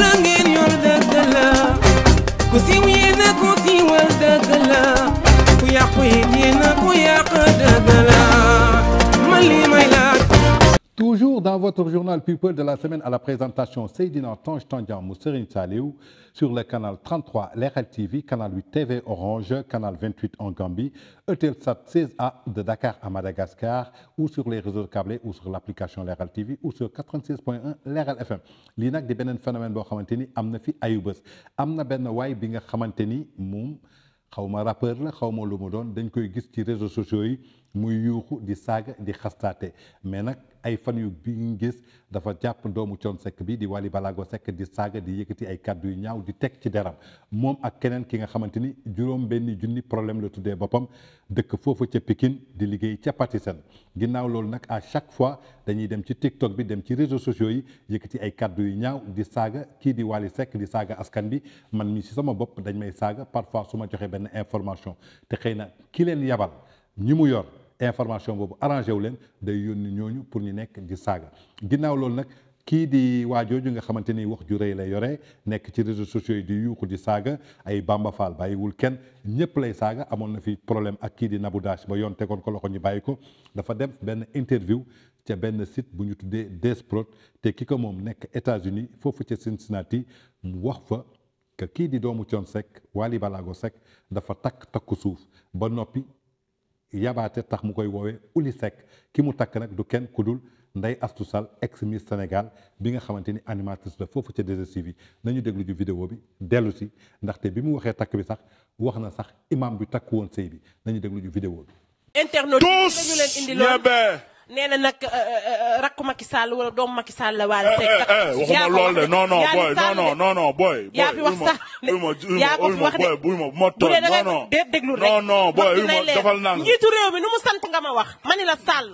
la dans votre journal People de la semaine à la présentation Seydina Tange Tandian mu Serigne Saliou sur le canal 33 Leral TV canal 8 TV Orange canal 28 en a de Dakar à Madagascar ou sur les réseaux câblés ou sur l'application Leral boo xamante ni am na fi ayubés am na benn waay bi nga xamante ni moom xaw ma rappeur la xaw ma lu mu doon dañ koy gis ci réseaux sociaux yi muy yuuxu di saaga di xastaate mais nag ay fan yu bi ñu gis dafa jàpp doomu Thione Seck bi di wali balaago sekk di saaga di yëkkati ay kàddu yu ñaaw di teg ci deram moom ak keneen ki nga xamante ni juróom benni junni problème la tuddee boppam dëkk foofu ca Pikine di liggéey ca Patisen ginnaaw loolu nag à chaque fois dañuy dem ci TikTok bi dem ci réseaux sociaux yi yëkkati ay kàddu yu ñaaw di saaga kii di Wally sekk di saaga askan bi man mi si sama bopp dañ may saaga parfois su ma joxee benn information te xëy na ki leen yabal ñi mu yor information boobu arrangé wu leen day yónni ñooñu pour ñu nekk di saaga ginnaaw loolu nag kii di waajooju nga xamante ni wax ju rey lay yore nekk ci réseau sociaux yi di yuuxu di saaga ay Bamba bàyyiwul kenn ñëpp lay saaga amoon na fi problème ak kii di Nabou Dash ba yoon tegoon ko loxo ñu bàyyi ko dafa dem benn interview ca benn sit bu ñu tuddee Desprot te ki ko moom nekk états uni foofu ca Cincinnati mu wax fa kii di doomu Thione Seck Wally Ballago Seck dafa takk takku suuf ba noppi yabaate tax mu koy woowee Uli Seck ki mu takk nag du kenn ku dul Ndeye Astou sal ex Miss Sénégal bi nga xamante ni animatrice la foofu ca 2STV bi nañu déglu ju vidéo bi dellu si ndaxte bi mu waxee takk bi sax wax na sax imam bi takk woon sëy bi nañu déglu ju vidéo bi. internaute ñu leen indi nee na nag euh, euh, euh, rakku Macky Sall wala doomu Macky Sall la Wally eh, Seck. Eh, eh, waxuma lool de non non booy non non non non booy. yaa fi wax rek non non booy defal naa njiitu réew mi nu mu sant nga ma wax. ma ni la Sall.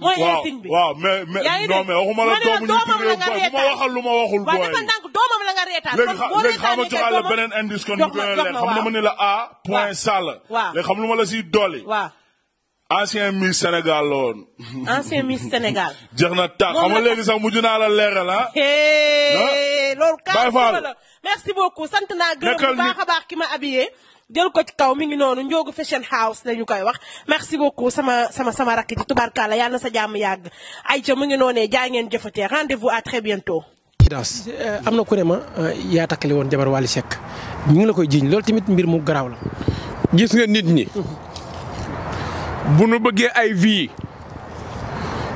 mooy insigne bi waaw mais mais waxuma la doomu njiitu réew booy bu ma waxal lu ma waxul booy. la beneen indice kon ñu gën a leer xam nga ma la A point Sall. waaw léegi xam lu ma la si dolli. waaw ancien Miss Sénégal la woon. ancien Miss Sénégal. jeex na tàkk xam nga léegi sax mujj naa la leeral ah. ah. loolu kàddu la merci beaucoup sant naa gërëm baax a baax ki ma habillé. jël ko ci kaw mi ngi noonu Ndiogu Fashion House la ñu koy wax merci beaucoup sama sama sama rakk ji tubaarkàlla yàlla na sa jàmm yàgg ayca mu ngi noonee jaa ngeen jëfatee rendez-vous à très bientôt. daas euh, am na ku ne ma euh, yaa takkale ngi la koy jiiñ loolu tamit mu garaaw la. gis nga nit ñi. Mm-hmm. bu nu bëggee ay vie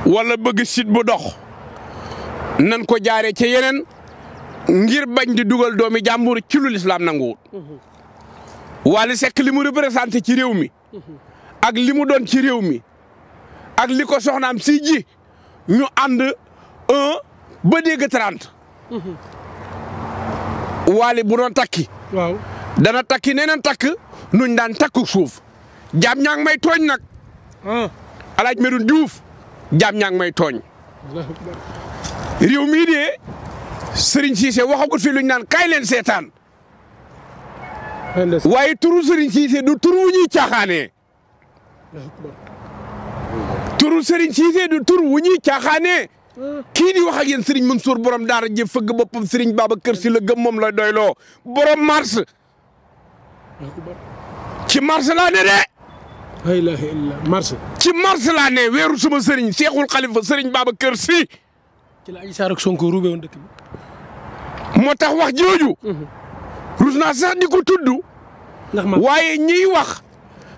wala bëgg site bu dox nan ko jaaree ci yeneen ngir bañ di dugal doomi jàmbur ci lu lislaam nanguwul mhm. Wally Seck li mu représenté ci réew mi mhm. ak li mu doon ci réew mi ak li ko soxnaam si ji ñu ànd un ba dégg trente mhm. bu doon takki waaw dana takki neneen takk nuñ daan takku suuf jaam ñaa may tooñ nag alaaj Medoune Diouf jaam ñaa ngi may tooñ. réew mii de Serigne Cissé waxagut fi lu naan kaay leen seetaan. waaye turu Serigne Cissé du turu wu ñuy caaxaanee. turu Serigne Cissé du tur wu ñuy kii di wax ak yéen Serigne Mansour borom daar jëf fëgg boppam Serigne Babacar Sy la gëm moom la doyloo borom mars. ci mars laa de. mars ci mars laa ne weeru suma sëriñ Seexul Xalifa sëriñ Babacar Si. ci la Adji Sarr moo tax wax jooju. Mhm. rus naa sax di ko tudd. waaye ñiy wax.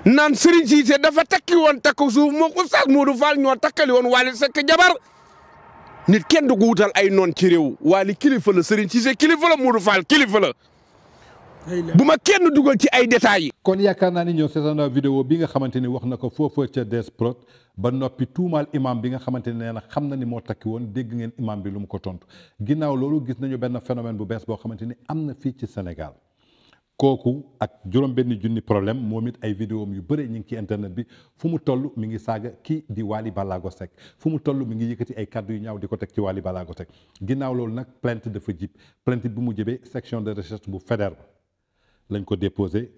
naan sëriñ Cissé dafa takki woon takk suuf moo ko Oustaz Modou ñoo takkali woon Wally Seck jabar. nit kenn du ko wutal ay noon ci réew Wally kilifa la sëriñ Cissé kilifa la Modou Fall kilifa la. bu ma kenn dugal ci ay détails yi. kon yaakaar naa ni ñoo seetaanoo vidéo bi nga xamante ni wax na ko foofu ca DS Prod ba noppi tuumaal imam bi nga xamante ne nee na xam na ni moo takki woon dégg ngeen imam bi lu mu ko tontu ginnaaw loolu gis nañu benn phénomène bu bees boo xamante ni am na fii ci Sénégal. kooku ak juróom benn junni problème moom it ay vidéo yu bëre ñu ngi ci internet bi fu mu toll mu ngi saaga kii di Wally Ballago Seck fu mu toll mi ngi yëkkati ay kàddu yu ñaaw di ko teg ci Wally Ballago Seck ginnaaw loolu nag plainte dafa jib plainte bi mu jëbee section de recherche bu Faidherbe lañ ko déposé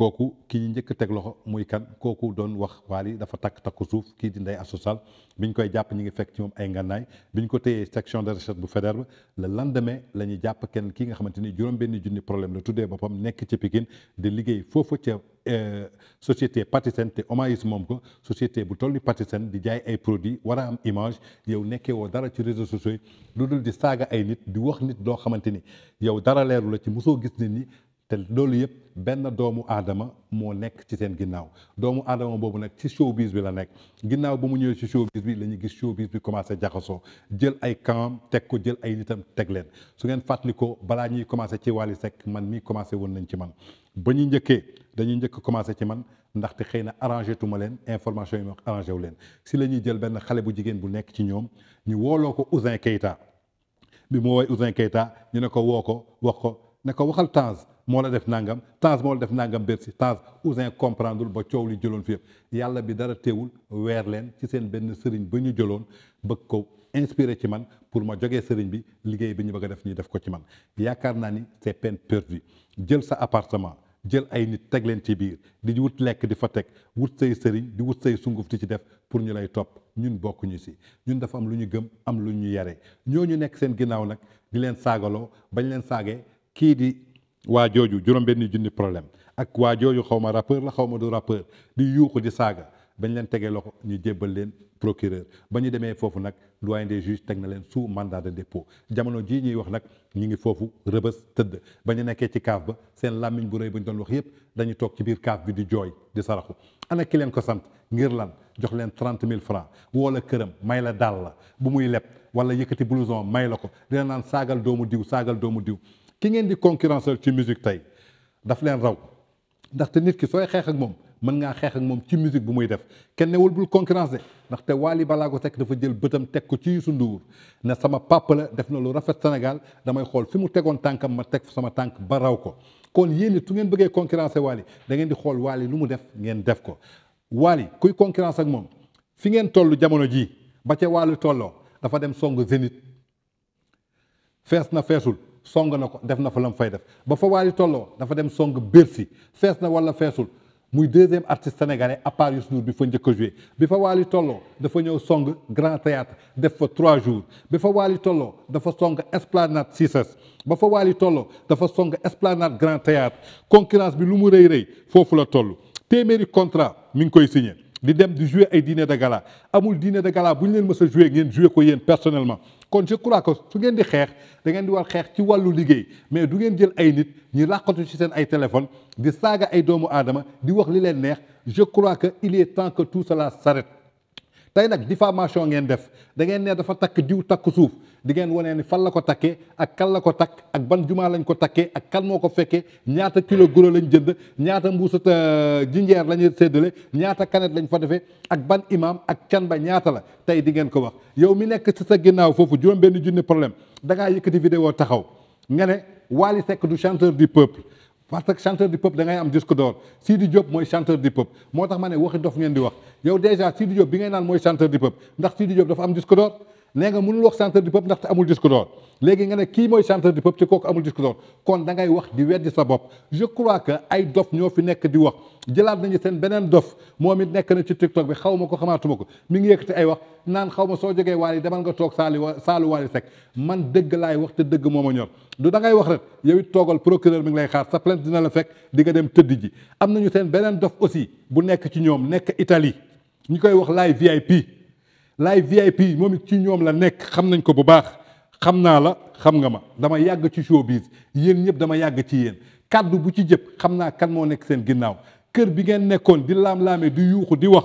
kooku ki ñu njëkk teg loxo muy kan kooku doon wax Wally dafa takk takku suuf kii di Ndeye Astou Sall bi ñu koy jàpp ñu ngi fekk ci moom ay ngànnaay bi ñu ko téyee section de recherche bu Faidherbe le lendemain la ñu jàpp kenn kii nga xamante ni juróom-benni junni problème la tuddee boppam nekk ci Pikine di liggéey foofu ca euh, société Patisen te Omaïs moom ko société bu toll ni Patisen di jaay ay produits war a am image yow nekkee woo dara ci réseaux sociaux yi lu dul di saaga ay nit di wax nit loo xamante ni yow te loolu yëpp benn doomu aadama moo nekk ci seen ginnaaw doomu aadama boobu nag ci showbiz bi la nekk ginnaaw bu mu ñëwee ci showbiz bi la ñu gis showbiz bi commencé jaxasoo jël ay camp teg ko jël ay nitam teg leen su ngeen fàttali ko balaa ñuy commencé ci wàll yi sekk man mii commencé woon nañ ci man ba ñu njëkkee dañuy njëkk commencé ci man ndaxte xëy na arrangé tuma leen information yi ma arrangé wu leen si la ñuy jël benn xale bu jigéen bu nekk ci ñoom ñu wooloo ko Ouzin Keita bi mu woowee Ouzin Keita ñu ne ko woo ko wax ko ne ko waxal Tange moo la def nangam Tange moo la def nangam Bercy Tange Ouzin comprendre ba coow li jëloon fi yëpp yàlla bi dara teewul weer leen ci seen benn sëriñ ba ñu jëloon bëgg ko inspiré ci man pour ma jógee sëriñ bi liggéey bi ñu bëgg a def ñu def ko ci man yaakaar naa ni c'est peine perdue jël sa appartement jël ay nit teg leen ci biir di wut lekk di fa teg wut say sëriñ di wut say sunguf di ci def pour ñu lay topp ñun bokkuñu si ñun dafa am lu ñu gëm am lu ñu yare ñooñu nekk seen ginnaaw nag di waa jooju juróom-benni junni problème ak waa jooju xaw ma rappeur la xaw ma du rappeur di yuuxu di saaga bañ leen tegee loxo ñu jébbal leen procureur ba ñu demee foofu nag doyen des juges teg na leen sous mandat de dépôt jamono jii ñuy wax nag ñu ngi foofu rëbës tëdd ba ñu nekkee ci kaaf ba seen làmmiñ bu rëy bu ñu doon wax yépp dañu toog ci biir kaaf bi di jooy di saraxu ana ki leen ko sant ngir lan jox leen trente mille francs woo la këram may la daal la bu muy leb wala yëkkati blouson may la ko dina naan saagal doomu diw saagal doomu diw ki ngeen di concurrencer ci musique tey daf leen raw ndaxte nit ki sooy xeex moom mën ngaa xeex ak moom ci bu muy def kenn newul bul concurrence de ndaxte Waly Balago Seck dafa jël bëtam teg ko ci Youssou Ndour ne sama papa def na lu rafet Sénégal damay xool fi mu tegoon tànkam ma teg sama tànk ba raw ko kon yéen it su bëggee concurrencer Waly da di xool Waly lu mu def ngeen def ko Waly kuy concurrence ak moom fi ngeen tollu jamono jii ba ca Waly tolloo dafa dem song Zénith fees na feesul song na ko def na fa la mu fay def ba fa waali tolloo dafa dem song Bercy fees na wala feesul muy deuxième artiste sénégalais à part Youssou bi fa njëkk a bi fa waali tolloo dafa ñëw song Grand Théâtre def fa trois jours bi fa waali tolloo dafa song Esplanade Cissesse ba fa waali tolloo dafa song Esplanade Grand Théâtre concurrence bi lu mu rëy rëy foofu la toll téeméeri contrat mu ngi koy signé di dem di jouer ay dîner de gala amul dîner de gala bu ñu leen mës a jouer ngeen jouer ko yéen personnellement kon je crois que su ngeen di xeex da ngeen di war xeex ci wàllu liggéey mais du ngeen jël ay nit ñu làqatu ci seen ay téléphone di saaga ay doomu aadama di wax li leen neex je crois que il est temps que tout cela s'arrête tey nag diffamation ngeen def da ngeen dafa takk diw takk suuf di ngeen wane ni fan la ko takkee ak kan la ko takk ak ban jumaa lañ ko takkee ak kan moo ko fekkee ñaata kilo guro lañ jënd ñaata mbuusat euh, jinjeer lañu séddale ñaata kanet lañu fa defee ak ban imaam ak can ba ñaata la tey di ngeen ko wax yow mi nekk ci sa ginnaaw foofu juróom benn junni problème da ngaa yëkkati vidéo taxaw nga ne Wally Seck du chanteur du peuple parce que chanteur du peuple da ngay am disque d'or Sidi Diop mooy chanteur du peuple moo tax ma ne waxi dof ngeen di wax yow déjà Sidi Diop bi ngay naan mooy chanteur du peuple ndax Sidi Diop dafa am disque d'or nee nga mënul wax chanteur du peuple ndaxte amul disque d'or léegi nga ne kii mooy chanteur du peuple te kooku amul disque d'or kon da ngay wax di weddi sa bopp je que ay dof ñoo fi nekk di wax jëlaat nañu seen beneen dof moom it nekk na ci tiktok bi xaw ma ko xamaatuma ko mi ngi yëkkati ay wax naan xaw ma soo jógee waali demal nga toog saali saalu waali sek man dëgg laay wax te dëgg moom ma ñor du da ngay wax rek yow it toogal procureur mi ngi xaar sa plainte dina la fekk di nga dem tëdd ji am nañu seen beneen dof aussi bu nekk ci ñoom nekk Italie ñu koy wax laay VIP live VIP moom it ci ñoom la nekk xam nañ ko bu baax xam naa la xam nga ma dama yàgg ci showbiz yéen ñëpp dama yàgg ci yéen kàddu bu ci jëpp xam naa kan moo nekk seen ginnaaw kër bi ngeen nekkoon di laam-laamee di yuuxu di wax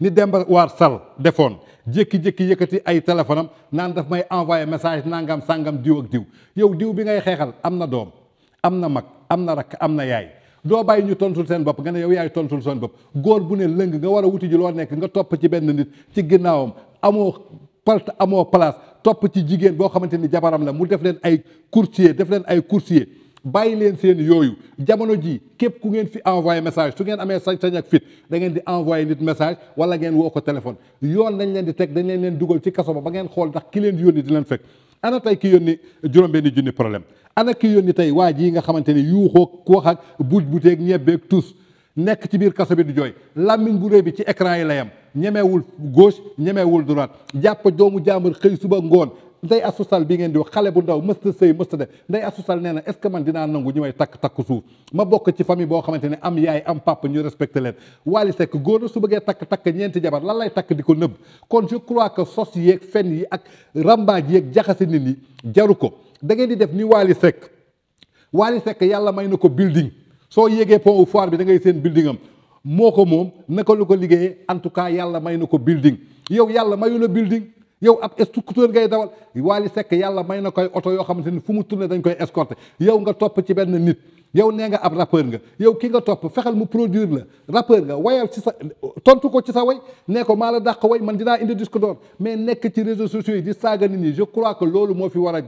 ni Demba waar Sall defoon jékki-jékki yëkkati ay téléphone naan daf may envoyé message nangam sangam diw ak diw yow diw bi ngay xeexal am na doom am na mag am na rakk am na yaay doo bàyyi ñu tontul seen bopp nga ne yow yaay tontul seen bopp góor bu ne lëng nga war a wuti ji loo nekk nga topp ci benn nit ci ginnaawam amoo palt amoo place topp ci jigéen boo xamante ni jabaram la mu def leen ay courtier def leen ay courtier bàyyi leen seen yooyu jamono ji képp ku ngeen fi envoyé message su ngeen amee sañ-sañ ak fit da ngeen di envoyé nit message wala ngeen woo ko téléphone yoon dañ leen di teg dañ leen leen dugal ci kaso ba ba ngeen ndax ki leen yónni di leen fekk ana tey ki yónni juróom-benni junni problème ana ki yónni tey waa ji nga xamante ni yuuxoo wax ak buuj buteeg ñebbeeg tus nekk ci biir kaso bi di jooy làmmiñ bu réy bi ci écran yi la yam ñemewul gauche ñemewul droite jàpp doomu jàmbur xëy suba ngoon nday asusal bi ngeen di wax xale bu ndaw mësta sëy mësta def nday asusal nee na est ce que man dinaa nangu ñu may takk takk suuf ma bokk ci famille boo xamante ne am yaay am papa ñu respecté leen Wally Seck góor na su bëggee takk takk ñeenti jabar lan lay takk di ko kon je que sos yeeg fen yi ak rambaaj yeeg jaxase nit ñi jaru ko da ngeen di def ni Waly sekk Waly sekk yàlla may na ko building soo yéegee pont foire bi da ngay seen building am moo ko moom naka lu ko liggéeyee en tout cas yàlla may na ko building yow yàlla mayu la building yow ab structure ngay dawal Waly sekk yàlla may na koy oto yoo xamante ni fu mu turne dañ koy escorté yow nga topp ci benn nit yow nee nga ab rappeur nga yow ki nga topp fexeel mu produire la rappeur nga wayal ci sa tontu ko ci sa way nee ko maa la dàq way man dinaa indi disque d'or mais nekk ci réseaux sociaux yi di je crois que loolu moo fi war a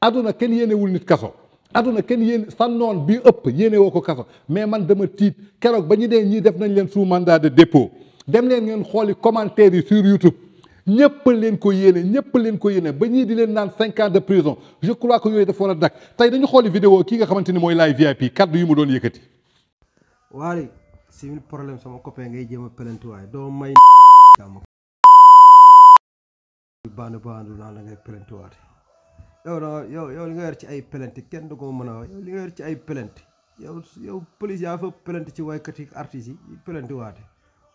aduna kenn yéenewul nit kaso aduna kenn yéen sa noon bi ëpp yéene woo ko kaso mais man dama tiit keroog ba ñu dee ñii def nañ leen sous mandat de dépôt dem leen ngeen xooli commentaires yi sur YouTube ñëpp leen ko yéene ñëpp leen ko yéene ba ñii di leen naan cinq ans de prison je crois que yooyu dafa war a dakk tey dañu xooli vidéo kii nga xamante ni mooy Laye VIP kaddu yi mu doon yëkkati. waale si problème sama copain ngay jéem a plainte waaye doo may. baanu baanu naan la ngay plainte waate yow da yow yow li nga yor ci ay plainte kenn du ko mën a wax yow li nga yor ci ay plainte yow yow police yaa fa plainte ci waykat yi artistes yi plainte waate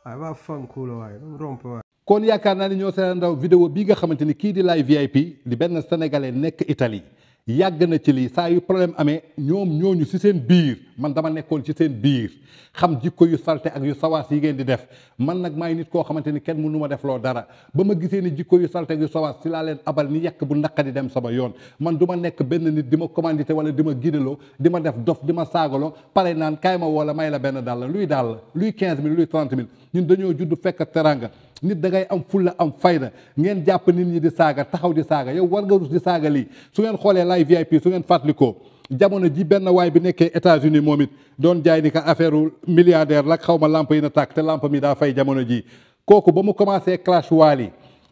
waaye waa fankuula waaye dam romp waaye kon yaakaar naa ni ñoo seen ndaw vidéo bii nga xamante ni kii di Laye VIP di benn sénégalais nekk Italie yàgg na ci lii saa yu problème amee ñoom ñooñu ci seen biir man dama nekkoon ci seen biir xam jikko yu salte ak yu sawaas yi ngeen di def man nag maay nit koo xamante ni kenn nu ma def loo dara ba ma gisee ni jikko yu salte ak yu sawaas ci laa leen abal ni yàq bu naqadi dem sama yoon man du ma nekk benn nit di ma commandité wala di ma gidaloo di ma def dof di ma saagaloo pare naan kaay ma wala may la benn dàll luy dàll luy quinze mill luy trente mille ñun dañoo judd fekk teranga nit da ngay am fulla am fayda ngeen jàpp nit ñi di saaga taxaw di saaga yow war saaga lii su ngeen xoolee laay VIP su ngeen fàttalikoo jamono ji benn waay bi nekkee États-Unis moom it doon jaay ni ka affaire milliardaire lak xaw ma lamp yi na tàkk te lamp mi daa fay jamono ji kooku ba mu commencé clash waal yi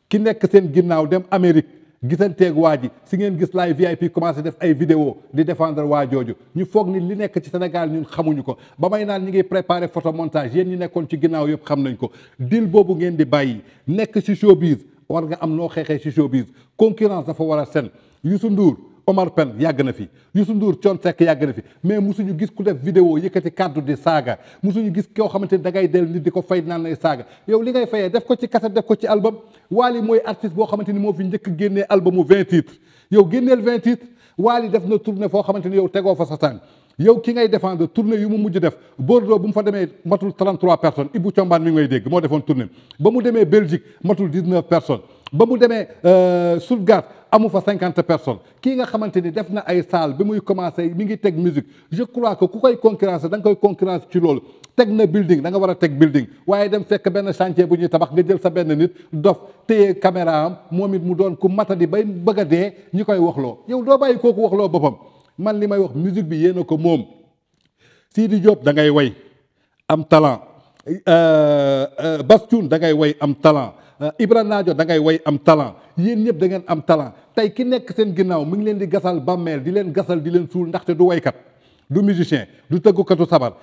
ki nekk seen ginnaaw dem Amérique gisanteeg waa ji si ngeen gis laay VIP commencé def ay vidéo di défendre waa jooju ñu foog ni li nekk ci Sénégal ñun xamuñu ko ba may naan ñi ngi préparé montage yéen ñi nekkoon ci ginnaaw yëpp xam nañ ko deal boobu ngeen di bàyyi nekk ci showbiz war nga am noo xeexee ci showbiz concurrence dafa war a sen Youssou nduur Omar pen yàgg na fi Youssou Ndour Thione Seck yàgg na fi mais musuñu gis ku def vidéo yëkkati kàddu di saaga musuñu gis koo xamante ni da ngay del nit di ko fay naan lay saaga yow li ngay fayee def ko ci cassette def ko ci album Wally mooy artiste boo xamante ni moo fi njëkk génnee albumu vingt titres yow génneel vingt titres Wally def na tournée foo xamante ni yow tegoo fa sa tànk yow ki ngay défendre tournée yu mu mujj def Bordeaux bu mu fa demee matul 33 personnes Ibou Thiombane mi ngi may dégg moo defoon tournée ba mu demee Belgique matul 19 personnes ba mu demee euh, Stuttgart amu fa cinquante personnes kii nga xamante ni def na ay salle bi muy commencé mi ngi teg musique je crois que ku koy concurrence da nga koy concurrence ci loolu teg na building da nga war a teg building waaye dem fekk benn chantier bu ñuy tabax nga jël sa benn nit dof téye caméra moom it mu doon ku matadi bay bëgg a dee ñi koy waxloo yow doo bàyyi kooku waxloo boppam man li may wax musique bi yéen a ko moom Sidi Diop da ngay way am talent euh, euh, Bastoun da ngay way am talent euh, Ibra Naajo da ngay way am talent yéen ñëpp da ngeen am talent tey ki nekk seen ginnaaw mi ngi leen di gasal bàmmeel di leen gasal di leen suul ndaxte du waykat du musicien du tëggukatu sabar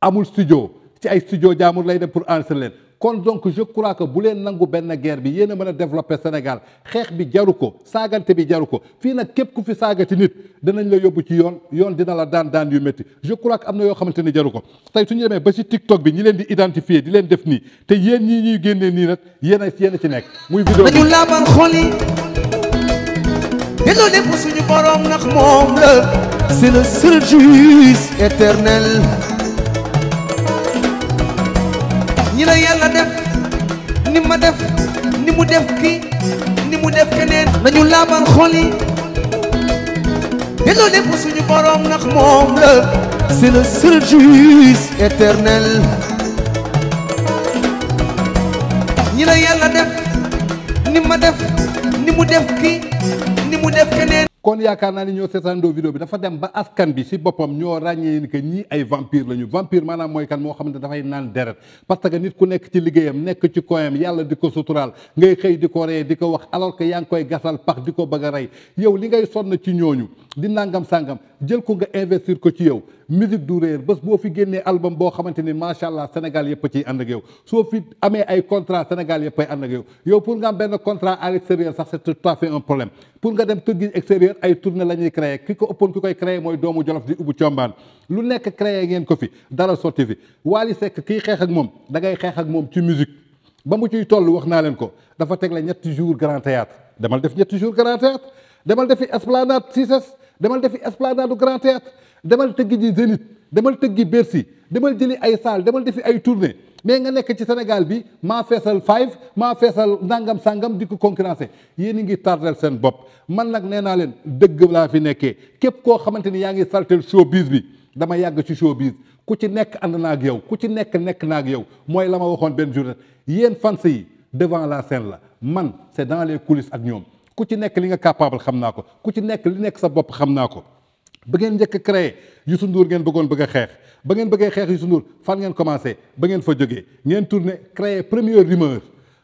amul studio ci ay studio jaamur lay def pour ence leen kon donc je crois bu leen nangu benn geer bi yéen a mën a développer Sénégal xeex bi jaru ko saagante bi jaru ko fii nag képp ku fi saagati nit danañ la yóbbu ci yoon yoon dina la daan daan yu métti je crois que am na yoo xamante ni jaru ko tey su ñu demee ba ci TikTok bi ñi leen di identifier di leen def nii te yéen ñii ñuy génnee nii nag yéen yéen a ci nekk muy vidéo dañu laabal xol yi delloo lépp suñu borom nag moom la c'est le seul éternel ñi la yàlla def ni ma def ni mu def ki ni mu def keneen nañu laabal xol yi te loolu lépp suñu borom nag moom la c'est le seul juge éternel ñi la def ni ma def ni mu def ki ni mu def keneen kon yaakaar naa ni ñoo seetaandoo vidéo bi dafa dem ba askan bi si boppam ñoo ràññee ni que ñii ay vampire lañu vampire maanaam mooy kan moo xamante dafay naan deret parce que nit ku nekk ci liggéeyam nekk ci koyam yàlla di ko suturaal ngay xëy di ko ree di ko wax alors que yaa ngi koy gasal pax di ko bëgg a rey yow li ngay sonn ci ñooñu di nangam sàngam jël ko nga investir ko ci yow musique du réer bés boo fi génnee album boo xamante ni macha allah Sénégal yëpp ciy ànd ak yow soo fi amee ay contrat Sénégal yëpp ay ànd ak yow yow pour am benn contrat à l'extérieur sax c'est tout à fait pour nga dem kër gi ay tournée la ñuy créé ki ko ëppoon ki koy créé mooy doomu Jolof di Ibou Thiombane lu nekk créé ngeen ko fi dara sotti fi Wally sekk kii xeex ak moom da ngay xeex ak moom ci musique ba mu ciy toll wax naa leen ko dafa tegle ñetti jours grand théâtre demal def ñetti jours grand théâtre demal defi esplanade Cissesse demal defi esplanade grand théâtre demal tëgg ji Zénith demal tëggi Bercy demal jëli ay salle demal defi ay tournée mais nga nekk ci Sénégal bi maa feesal five maa feesal nangam sangam di ko concurrencé yéen a ngi tardel seen bopp man nag nee naa leen dëgg laa fi nekkee képp koo xamante ni yaa ngi saltel showbiz bi dama yàgg ci showbiz ku ci nekk ànd naa ak yow ku ci nekk nekk naa ak yow mooy la ma waxoon benn journée yéen fans yi devant la scène la man c'est dans les coulisses ak ñoom ku ci nekk li nga capable xam naa ko ku ci nekk li nekk sa bopp xam naa ko ba ngeen njëkk a créé Youssou Ndour ngeen bëggoon bëgg a xeex ba ngeen bëggee xeex Youssou Ndour fan ngeen commencé ba ngeen fa jógee ngeen tourné créé première rumeur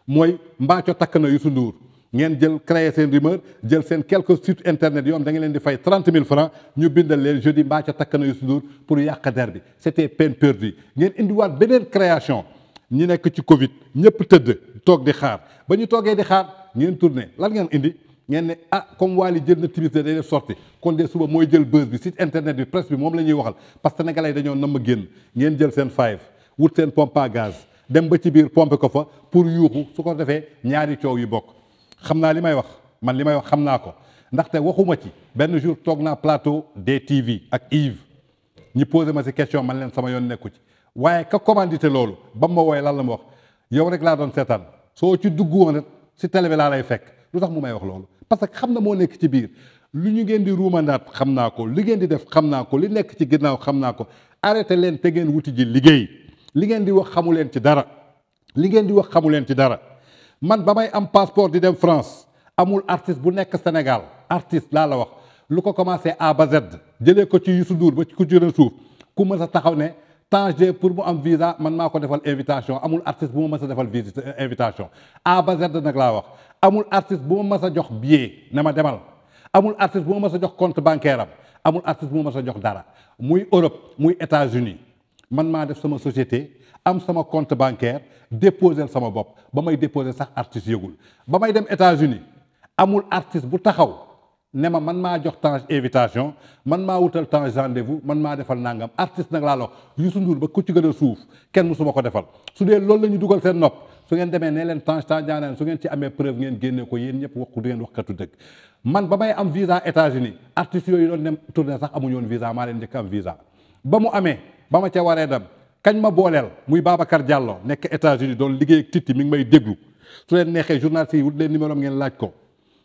mooy mbaaco takk na Youssou Ndour ngeen jël créé seen rumeur jël seen quelques sites internet yoo xam da ngeen leen di fay trente mille francs ñu bindal leen jeudi mbaaco takk na Youssou Ndour pour yàq der bi c'était peine perdue ngeen indiwaat beneen création ñu nekk ci Covid ñëpp tëdd toog di xaar ba ñu toogee di xaar ngeen tourné lan ngeen indi ngeen ne ah comme Wally jël na timis day def sorti kon de suba mooy jël buzz bi site internet bi presse bi moom la ñuy waxal parce que sénégalais dañoo nam ma génn ngeen jël seen five wut seen pompe à gaz dem ba ci biir pompe ko fa pour yuuxu su ko defee ñaari coow yi bokk xam naa li may wax man li may wax xam naa ko ndaxte waxuma ci benn jour toog naa plateau DTV ak Yves ñi posé ma si question man leen sama yoon nekku ci waaye ka commandité loolu ba ma wooye lan la ma wax yow rek laa doon seetaan soo ci dugg woon rek si télé lay fekk lu tax mu may wax loolu parce que xam na moo nekk ci biir lu ñu ngeen di ruumandaat xam naa ko li ngeen di def xam naa ko li nekk ci ginnaaw xam naa ko arrêté leen te ngeen wuti ji liggéey li ngeen di wax xamu leen ci dara li ngeen di wax xamu leen ci dara man ba may am passeport di dem France amul artiste bu nekk Sénégal artiste laa la wax lu ko commencé A ba Z ko ci Youssou Ndour ba ci ku jëlee suuf ku mën a taxaw ne. Tanger pour mu am visa man maa ko defal invitation amul artiste bu ma mës a defal visite invitation A ba Z nag laa wax amul artiste bu ma mas a jox billet ne ma demal amul artiste bu ma mës a jox compte bancaire am amul artiste bu ma mës a jox dara muy Europe muy États-Unis man maa def sama société am sama compte banquer déposer sama bopp ba may déposer sax artiste yëgul ba may dem États-Unis amul artiste bu taxaw. ne ma man maa jox Tange invitation man maa wutal Tange rendez-vous man maa defal nangam artiste nag laalo lox Youssou Ndour ba ku ci gën a suuf kenn musuma ko defal su dee loolu la ñu dugal seen nopp su ngeen demee ne leen Tange Tange Njaay su ngeen ci amee preuve ngeen génne ko yéen ñëpp wax du ngeen waxkatu dëgg man ba may am visa États-Unis artistes yooyu doon dem tournée sax amuñu woon visa maa leen njëkk am visa ba mu amee ba ma ca waree dem kañ ma booleel muy Babacar Diallo nekk États-Unis liggéey ak mi ngi may déglu su leen neexee journaliste yi wut leen ngeen laaj ko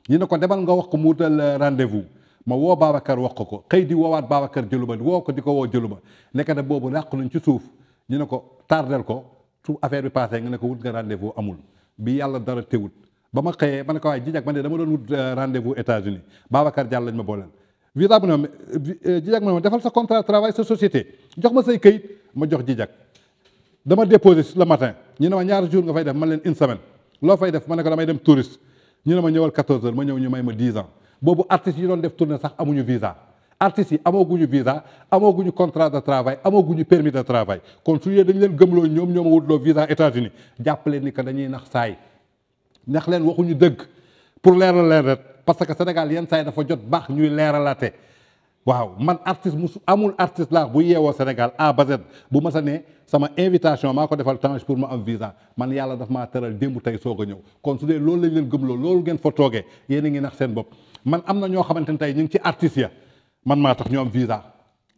ñu ne ko demal nga wax ko mu wutal euh, rendez-vous ma woo Babacar wax ko ko xëy di woowaat Babacar jëluma woo ko di ko woo jëluma nekk na boobu làq nañ ci suuf ñu ne ko tardel ko su affaire bi passé nga ne ko wut nga rendez-vous amul bi yàlla dara teewut ba ma xëyee ma ne ko waaye jijak man de dama doon wut euh, rendez-vous États-Unis Babacar Diallo lañ ma booleel visa ne ma euh, jijak defal sa contrat de sa société jox ma say këyit ma jox jijak dama déposé le matin ñu ne ma ñaari jour nga fay def leen une semaine loo fay def ma ne ko damay dem touriste ñu ne ma ñëwal 14 heures ma ñëw ñu may ma 10 ans boobu artistes yi doon def tournée sax amuñu visa artistes yi amooguñu visa amooguñu contrat de travail amooguñu permis de travail kon su yee dañ leen gëmloo ñoom ñoom a wutloo visa États-Unis jàpp leen ni que dañuy nax saay ñax leen waxuñu dëgg pour leeral leen rek parce que Sénégal yenn saay dafa jot baax ñuy leeralaate waaw man artiste su amul artiste laa bu yeewoo Sénégal à ba bu ma sa nee sama invitation maa ko defal Tange pour ma am visa man yàlla daf maa teral démb tey soog a ñëw kon su dee loolu leen gëmloo loolu ngeen fa toogee yéen a ngi nax seen bopp man am na ñoo xamante ne tey ñu ngi ci artistes ya man maa tax ñu am visa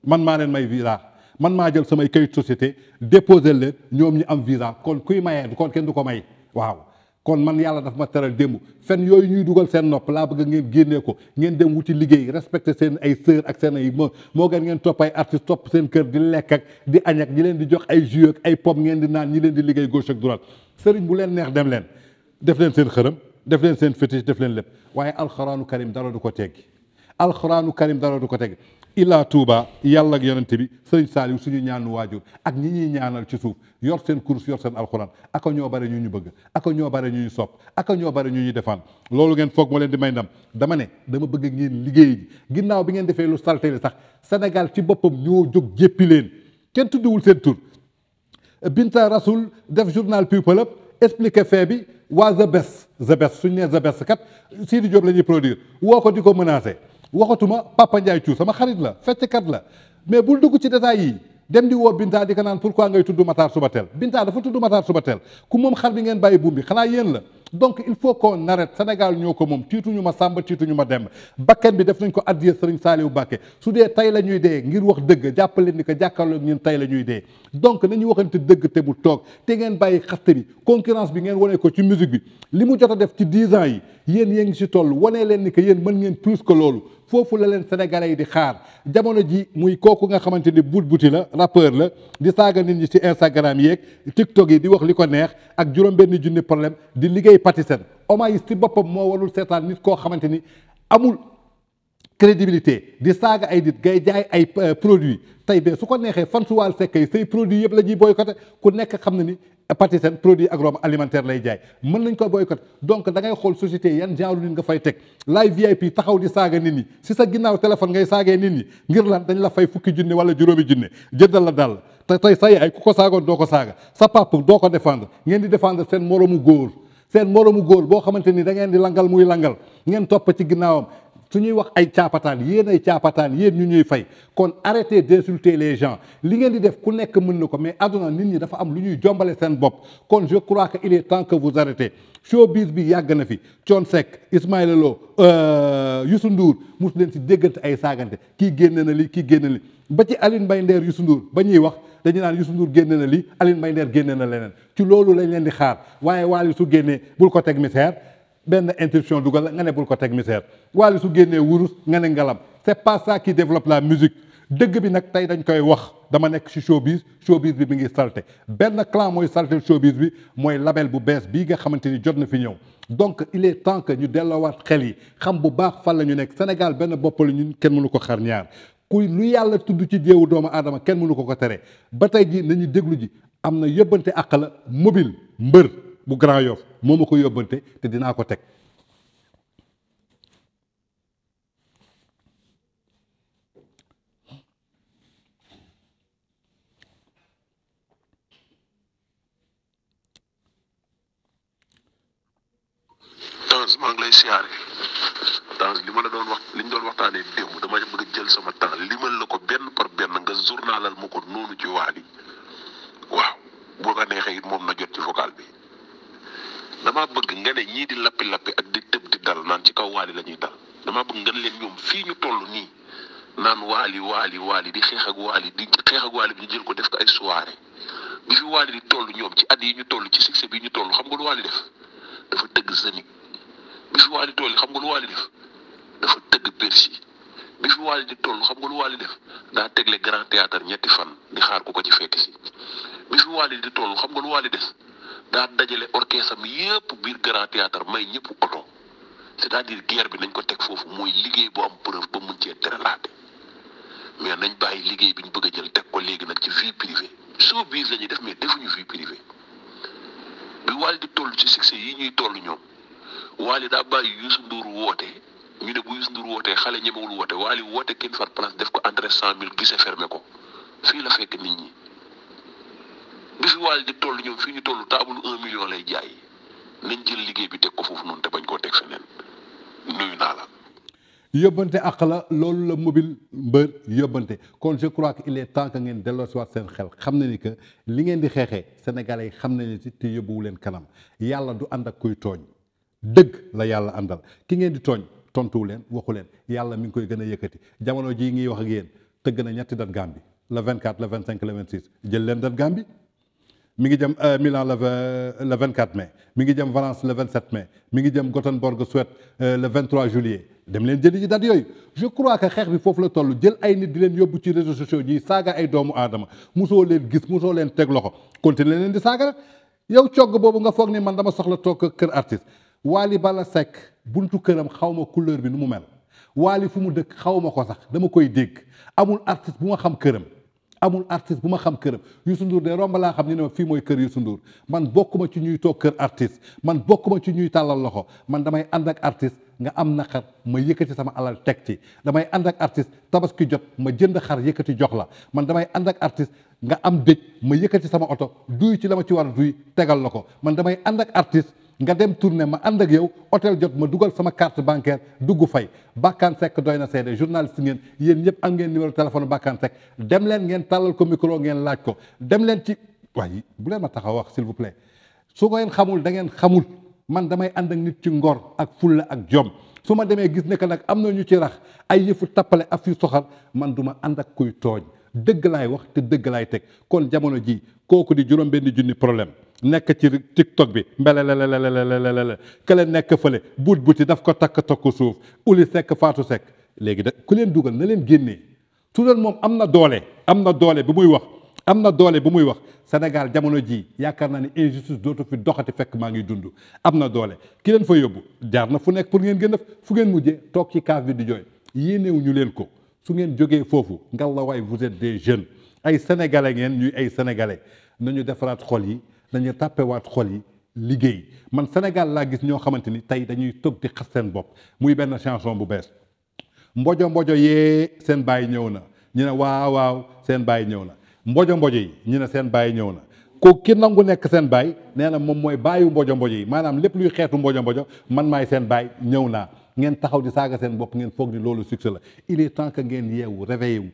man maa leen may visa man maa jël samay kayit société déposé leen ñoom ñu am visa kon kuy mayee kon kenn du ko may waaw kon man yàlla dafa ma teral démb fen yooyu ñuy dugal seen nopp laa bëgg ngeen génnee ko ngeen dem wuti liggéey respecte seen ay sœur ak seen ay moo moo gën ngeen topp ay artiste topp seen kër di lekk ak di añ ak ñi leen di jox ay jus ak ay pom ngeen di naan ñi leen di liggéey gauche ak droite sëriñ bu leen neex dem leen def leen seen xërëm def leen seen fétiche def leen lépp waaye alxuraanu karim dara du ko teggi alxuraanu karim dara du ko teggi Ila Touba yàlla ak yonente bi sëriñ Saaliw suñu ñaanu waajur ak ñi ñuy ñaanal ci suuf yor seen course yor seen alxuraan aka ñoo bare ñu ñu bëgg aka ñoo bare ñu ñu sopp aka ñoo bare ñu ñu defaan loolu ngeen foog moo leen di may ndam dama ne dama bëgg ngeen liggéey ji ginnaaw bi ngeen defee lu salte li sax Sénégal ci boppam ñu jóg jéppi leen kenn tuddiwul seen tur Binta Rasoul def journal People Up expliqué fait bi waa The Best The Best suñu nee The Best kat Sidi Diop la woo ko di ko menacé waxatuma Papa Ndiaye sama xarit la fecckat la mais bul dugg ci détails yi dem di woo Binta di ko naan pourquoi ngay tudd Matar Subatel Binta dafa tudd Matar Subatel ku moom xar bi ngeen bàyyi buum bi xanaa yéen la donc il faut qu'on arrête Sénégal ñoo ko moom tiituñu ma Samba tiituñu ma dem bakkan bi def nañ ko addiya Sëriñ Saaliwu Bàkke su dee tey la ñuy dee ngir wax dëgg jàppale ni ko jàkkaarloog ñun tey la ñuy dee donc nañu waxante dëgg te mu toog te ngeen bàyyi xaste bi concurrence bi ngeen wanee ko ci musique bi li mu jot def ci dix ans yi yéen yéen ngi si toll wanee leen ni que yéen mën ngeen plus loolu foofu la leen sénégalais yi di xaar jamono ji muy kooku nga xamante ni but buti la rappeur la di saaga nit ñi ci Instagram yeeg TikTok yi di wax li ko neex ak juróom-benn junni problème di liggéey patisen i si boppam moo warul seetaan nit koo xamante ni amul crédibilité di saaga ay nit ngay jaay ay euh, produit tey bee su ko neexee fan su waal sekk yi say produits yëpp la ñuy boycotté ku nekk xam na ni seen produit alimentaire lay jaay mën nañ ko boycott donc da ngay xool société yan genre nit nga fay teg laay VIP taxaw di saaga nit ñi si sa ginnaaw téléphone ngay saagee nit ñi ngir lan dañ la fay fukki junne wala juróomi junne jëndal la daal te tey sa yaay ku ko saagoon doo ko saaga sa papa doo ko défendre ngeen di défendre seen moroomu góor seen moroomu góor boo xamante ni da ngeen di langal muy langal ngeen topp ci ginnaawam su ñuy wax ay caapataan yéen ay caapataan yéen ñu ñuy fay kon arrêtez d'insulter les gens li ngeen di def ku nekk mën na ko mais aduna nit ñi dafa am lu ñuy jombale seen bopp kon je crois que il est temps que vous arrêtez bis bi yàgg na fi Thione Seck Ismaïla euh, yu su Ndour mos leen si déggante ay saagante kii génne na li kii génne li ba ci Aline Mbaye Nder Youssou Ndour ba ñuy wax dañu naan su Ndour génne na li Aline Mbaye Nder génne na leneen ci loolu lañ leen di xaar waaye Wally su génnee bul ko teg benn interruption dugal la nga ne bul ko teg misère waali su génnee wurus nga ne ngalam c'est pas ki qui développe la musique dëgg bi nag tey dañ koy wax dama nekk ci showbiz showbiz bi mi ngi salte benn clan mooy salte showbiz bi mooy label bu bees bii nga xamante ni jot na fi ñëw donc il est temps que ñu delloo delloowaat xel yi xam bu baax fan la ñu nekk Sénégal benn bopp la ñun kenn mënu ko xar ñaar kuy lu yàlla tudd ci déewu doomu aadama kenn mënu ko ko tere ba tey ji nañu déglu ji am na yëbbante àq la mobile bu Grand Yoff moo ma ko yóbbante te dinaa ko teg Tange maa ngi lay siyaare Tange li ma la doon wax li doon waxtaanee démb dama bëgg jël sama temps limal la ko benn par benn nga journalal ma ko noonu ci waali waaw boo ko neexee it moom na jot ci vocal bi damaa bëgg nga ne ñii di lappi lappi ak di tëb di dal naan ci kaw waali la ñuy dal dama bëgg nga ne leen ñoom fii ñu toll nii naan waali waali waali di xeex ak waali di xeex ak waali bi ñu jël ko def ko ay soirée bi fi waali di toll ñoom ci at yi ñu toll ci succès bi ñu toll xam nga lu waali def dafa tëgg Zénith bi fi waali toll nga lu waali def dafa tëgg Bercy bi fi waali di toll xam nga lu waali def daa tegle grand théâtre ñetti fan di xaar ku ko ci fekk si bi fi waali di toll xam nga lu waali def daa dajale orchestre am yëpp biir grand théâtre may ñëpp oto c'est-à-dire guerre bi nañ ko teg foofu mooy liggéey bu am preuve ba mun cee teralaate mais nañ bàyyi liggéey bi ñu bëgg a jël teg ko léegi nag ci vie privée showbiz la ñuy def mais defuñu vie privée bi Wally di toll ci succès yi ñuy toll ñoom Wally daa bàyyi Youssou Ndour woote ñu ne bu Youssou Ndour wootee xale ñemewul woote Wally woote kenn far place def ko entrée cent mille gisee fermé ko fii la fekk nit ñi. bis waal di toll ñoom fii ñu toll taabul un million lay jaay nañ jël liggéey bi teg ko foofu noonu te bañ koo teg feneen nuyu naa la. yóbbante àq la loolu la mobile mbër yóbbante kon je crois que il est temps que ngeen seen xel xam na ni que li ngeen di xeexee sénégalais yi xam nañu ci te yóbbuwu leen kanam yàlla du ànd ak kuy tooñ dëgg la yàlla àndal ki ngeen di tooñ tontuwu leen waxu leen yàlla mu ngi koy gën a yëkkati jamono jii ngi wax ak yéen na ñetti dat Gàmbi le 24 le 25 le 26 jël leen dat Gàmbi mi ngi jëm euh, Milan le euh, le vingt quatre mai mi ngi jëm Valence le vingt sept mai mi ngi jëm Gothenburg Suède euh, le vingt trois juillet dem leen jëli ji date yooyu je crois que xeex bi foofu la toll jël ay nit di leen yóbbu ci réseaux sociaux yi saaga ay doomu aadama mosoo leen gis musoo leen teg loxo continuer leen di saaga rek yow cogg boobu nga foog ni man dama soxla toog kër artiste Wally Balla sekk buntu këram xaw ma couleur bi nu mu mel Wally fu mu dëkk xaw ma ko sax dama koy dégg amul artiste bu ma xam këram. amul artiste bu ma xam këram Youssou Ndour de romb laa xam ñu ne ma fii mooy kër Youssou Ndour man bokkuma ci ñuy toog kër artiste man bokkuma ci ñuy tàllal loxo man damay ànd ak artiste nga am naqar ma yëkkati sama alal teg ci damay ànd ak artiste tabaski jot ma jënd xar yëkkati jox la man damay ànd ak artiste nga am dëj ma yëkkati sama oto duy ci la ma ci war a duy tegal la ko man damay ànd ak artiste nga dem tourné ma ànd ak yow hôtel jot ma dugal sama carte bancaire dugg fay Bakkan Seck doy na seede journaliste ngeen yéen ñëpp am ngeen numéro téléphone Bakkan Seck dem leen ngeen tàllal ko micro ngeen laaj ko demleen leen ci waaye bu leen ma taxaw wax s'il vous plaît su ko ngeen xamul da ngeen xamul man damay ànd ak nit ci ngor ak fulla ak jom su ma demee gis ne que nag am na ñu ci rax ay yëfu tappale af yu soxal man du ma ànd ak kuy tooñ dëgg laay wax te dëgg laay teg kon jamono ji kooku di juróom benn problème nekk ci tiktok bi mbelelelelelelelele kële nekk fële buut buti daf ko takk tokk suuf uli sekk faatu sekk léegi da ku leen dugal na leen génnee su doon moom am na doole am na doole bi muy wax am na doole bu muy wax Sénégal jamono ji yaakaar naa ne injustice dootu fi doxati fekk maa ngi dund am na doole ki leen fa yóbbu jaar na fu nekk pour ngeen gën def fu ngeen mujjee toog ci kaaf bi di jooy yéenewuñu leen ko su ngeen jógee foofu ngalla la vous êtes des jeunes ay sénégalais ngeen ñuy ay sénégalais nañu defaraat xol yi dañuy tàppewaat xol yi liggéey man Sénégal laa gis ñoo xamante ni tey dañuy toog di xas seen bopp muy benn chanson bu bees mbojo mbojo yee seen bàyyi ñëw na ñu ne waaw waaw seen bàyyi ñëw na mbojo mbojo yi ñu ne seen bàyyi ñëw na ko ki nangu nekk seen baay nee na moom mooy baayu mbojo mbojo yi maanaam lépp luy xeetu mbojo mbojo man maay seen baay ñëw naa ngeen taxaw di saaga seen bopp ngeen foog ni loolu succès la il est temps que ngeen yeewu réveillé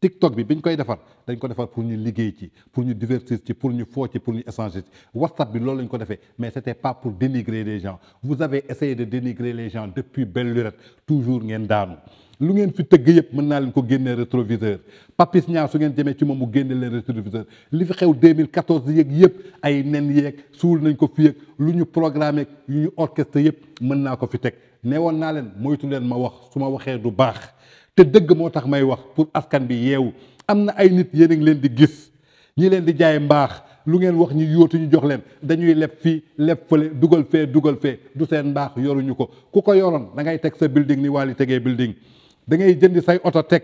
TikTok bi biñ koy defar dañ ko defar pour ñu liggéey ci pour ñu divertir ci pour ñu foo ci pour ñu échanger ci WhatsApp bi loolu lañ ko defee mais c'était pas pour dénigrer les gens vous avez essayé de dénigrer les gens depuis belle lurette toujours ngeen daanu lu ngeen fi tëgg yëpp mën naa leen ko génnee rétroviseur Papis Niang su ngeen jëmee ci moom mu génne leen rétroviseur li fi xew 2014 yeeg yëpp ay nen yeeg suul nañ ko fi yeeg lu ñu programmé ñu orchestre yëpp mën naa ko fi teg neewoon naa leen moytu leen ma wax su ma waxee du baax te dëgg moo tax may wax pour askan bi yeewu am na ay nit yéen a ngi leen di gis ñi leen di jaay mbaax lu ngeen wax ñi yóotu ñu jox leen dañuy leb fii leb fële dugal fee dugal fee du seen mbaax yoruñu ko ku ko yoroon da ngay teg sa building ni waali tegee building da ngay jënd say oto teg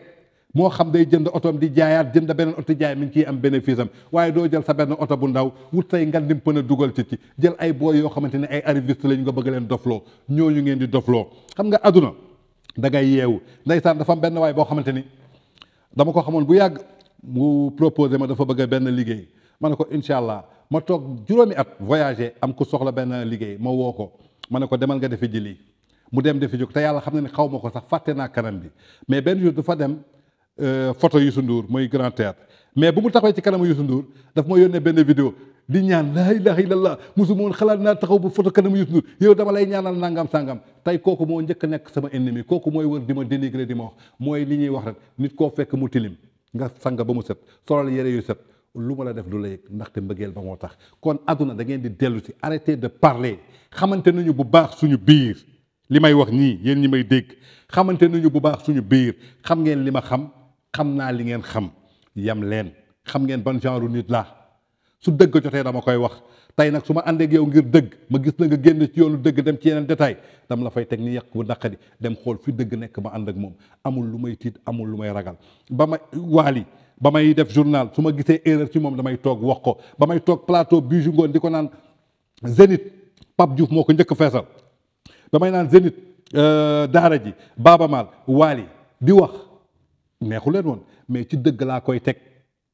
moo xam day jënd otoom di jaayaat jënd beneen oto jaay mi ngi ciy am bénéfice waaye doo jël sa benn oto bu ndaw wut say ngan dim pën dugal ci ci jël ay booy yoo xamante ne ay arriviste lañ nga bëgg leen dofloo ñooñu ngeen di dofloo xam nga da ngay yeewu ndeysaan dafa am benn waay boo xamante ni dama ko xamoon bu yàgg mu proposé ma dafa bëgg benn liggéey ma ne ko incha allah ma toog juróomi at voyager am ku soxla benn liggéey ma woo ko ma ne ko demal nga defi ji mu dem defi jóg te yàlla xam na ne xaw ma ko sax fàtte naa kanam bi mais benn jour dafa dem euh, photo Youssou Ndour muy Grand Théâtre mais bu mu taxawee ci kanamu Youssou Ndour daf ma yónnee benn vidéo di ñaan laa ilaha illallah musuma woon xalaat naa taxaw bu photo kanamu yu Ndour yow dama lay ñaanal nangam sangam tey kooku moo njëkk a nekk sama ennemi kooku mooy wër di ma dénigré di ma wax mooy li ñuy wax rek nit koo fekk mu tilim nga sanga ba mu set solal yere yu set lu ma la def lu la yëg ndaxte mbëggeel ba moo tax kon àdduna da ngeen di dellu si arrêté de parler xamante nañu bu baax suñu biir li may wax ñii yéen ñi may dégg xamante nañu bu baax suñu biir xam ngeen li ma xam xam naa li ngeen xam yam leen xam ngeen ban genre nit laa su dëgg jotee dama koy wax tey nag su ma àndeeg yow ngir dëgg ma gis na nga génn ci yoonu dëgg dem ci yeneen détail dama la fay teg ni yàq bu naqadi dem xool fi dëgg nekk ma ànd ak moom amul lu may tiit amul lu may ragal ba ma waali ba may def journal su ma gisee erreur ci moom damay toog wax ko ba may toog plateau bi ju ngoon di ko naan Zénith Pape Diouf moo ko njëkk feesal damay naan Zénith euh, daara ji Baaba Maal di wax neexu leen woon mais ci dëgg laa koy teg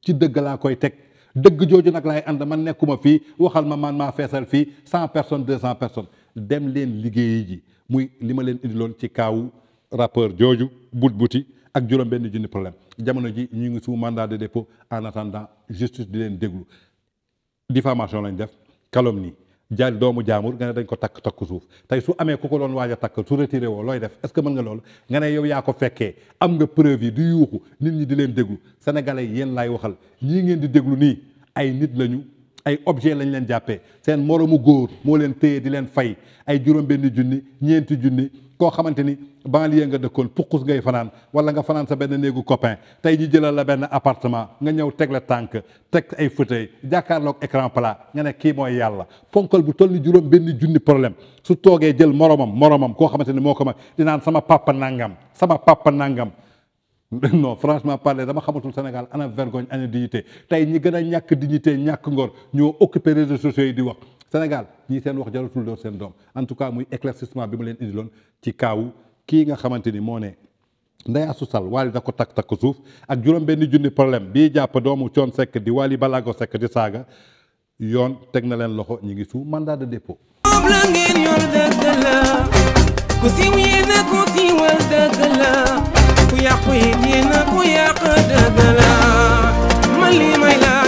ci dëgg laa koy teg dëgg jooju nag laay ànd man nekkuma fii waxal ma man maa feesal fii cent personnes deux cent personnes dem leen liggéeyi ji muy li ma leen indiloon ci kaawu rapport jooju but buti ak juróom benn junni problème jamono ji ñu ngi sous mandat de dépôt en attendant justice di leen déglu diffamation lañ def calomnie jaan doomu jaamur nga ne dañ ko takk takk suuf tey su amee ku ko doon waaj a takk su retiré woo looy def est-ce que mën nga loolu nga ne yow yaa ko fekkee am nga preuve yi di yuuxu nit ñi di leen déglu sénégalais yéen laay waxal ñii ngeen di déglu nii ay nit lañu ay objet lañ leen jàppee seen moroomu góor moo leen téye di leen fay ay juróom-benni junni ñeenti junni koo xamante ni banlieue nga dëkkoon puqus ngay fanaan wala nga fanaan sa benn néegu copain tey ñu jëlal la benn appartement nga ñëw teg la tànk teg ay fauteuil jàkkaarlook écran plat nga ne kii mooy yàlla ponkal bu toll ni juróom benn junni problème su toogee jël moromam moromam koo xamante ni moo ko mag dinaan sama papa nangam sama papa nangam. non franchement parler dama xamatul Sénégal ana vergogne ana dignité tey ñi gën a ñàkk dignité ñàkk ngor ñoo occupé réseaux sociaux yi di wax Sénégal ñi seen wax jaratul door seen doom en tout cas muy éclaircissement bi ma leen indiloon ci kaawu kii nga xamante ni moo ne Ndeye Astou Sall Wally da ko takk takk suuf ak juróom benn junni problème bii jàpp doomu Thione Seck di Wally Ballago Seck di saaga yoon teg na leen loxo ñi ngi sous mandat de dépôt ku yàqu yi diina ku yàq dëgg la man li may la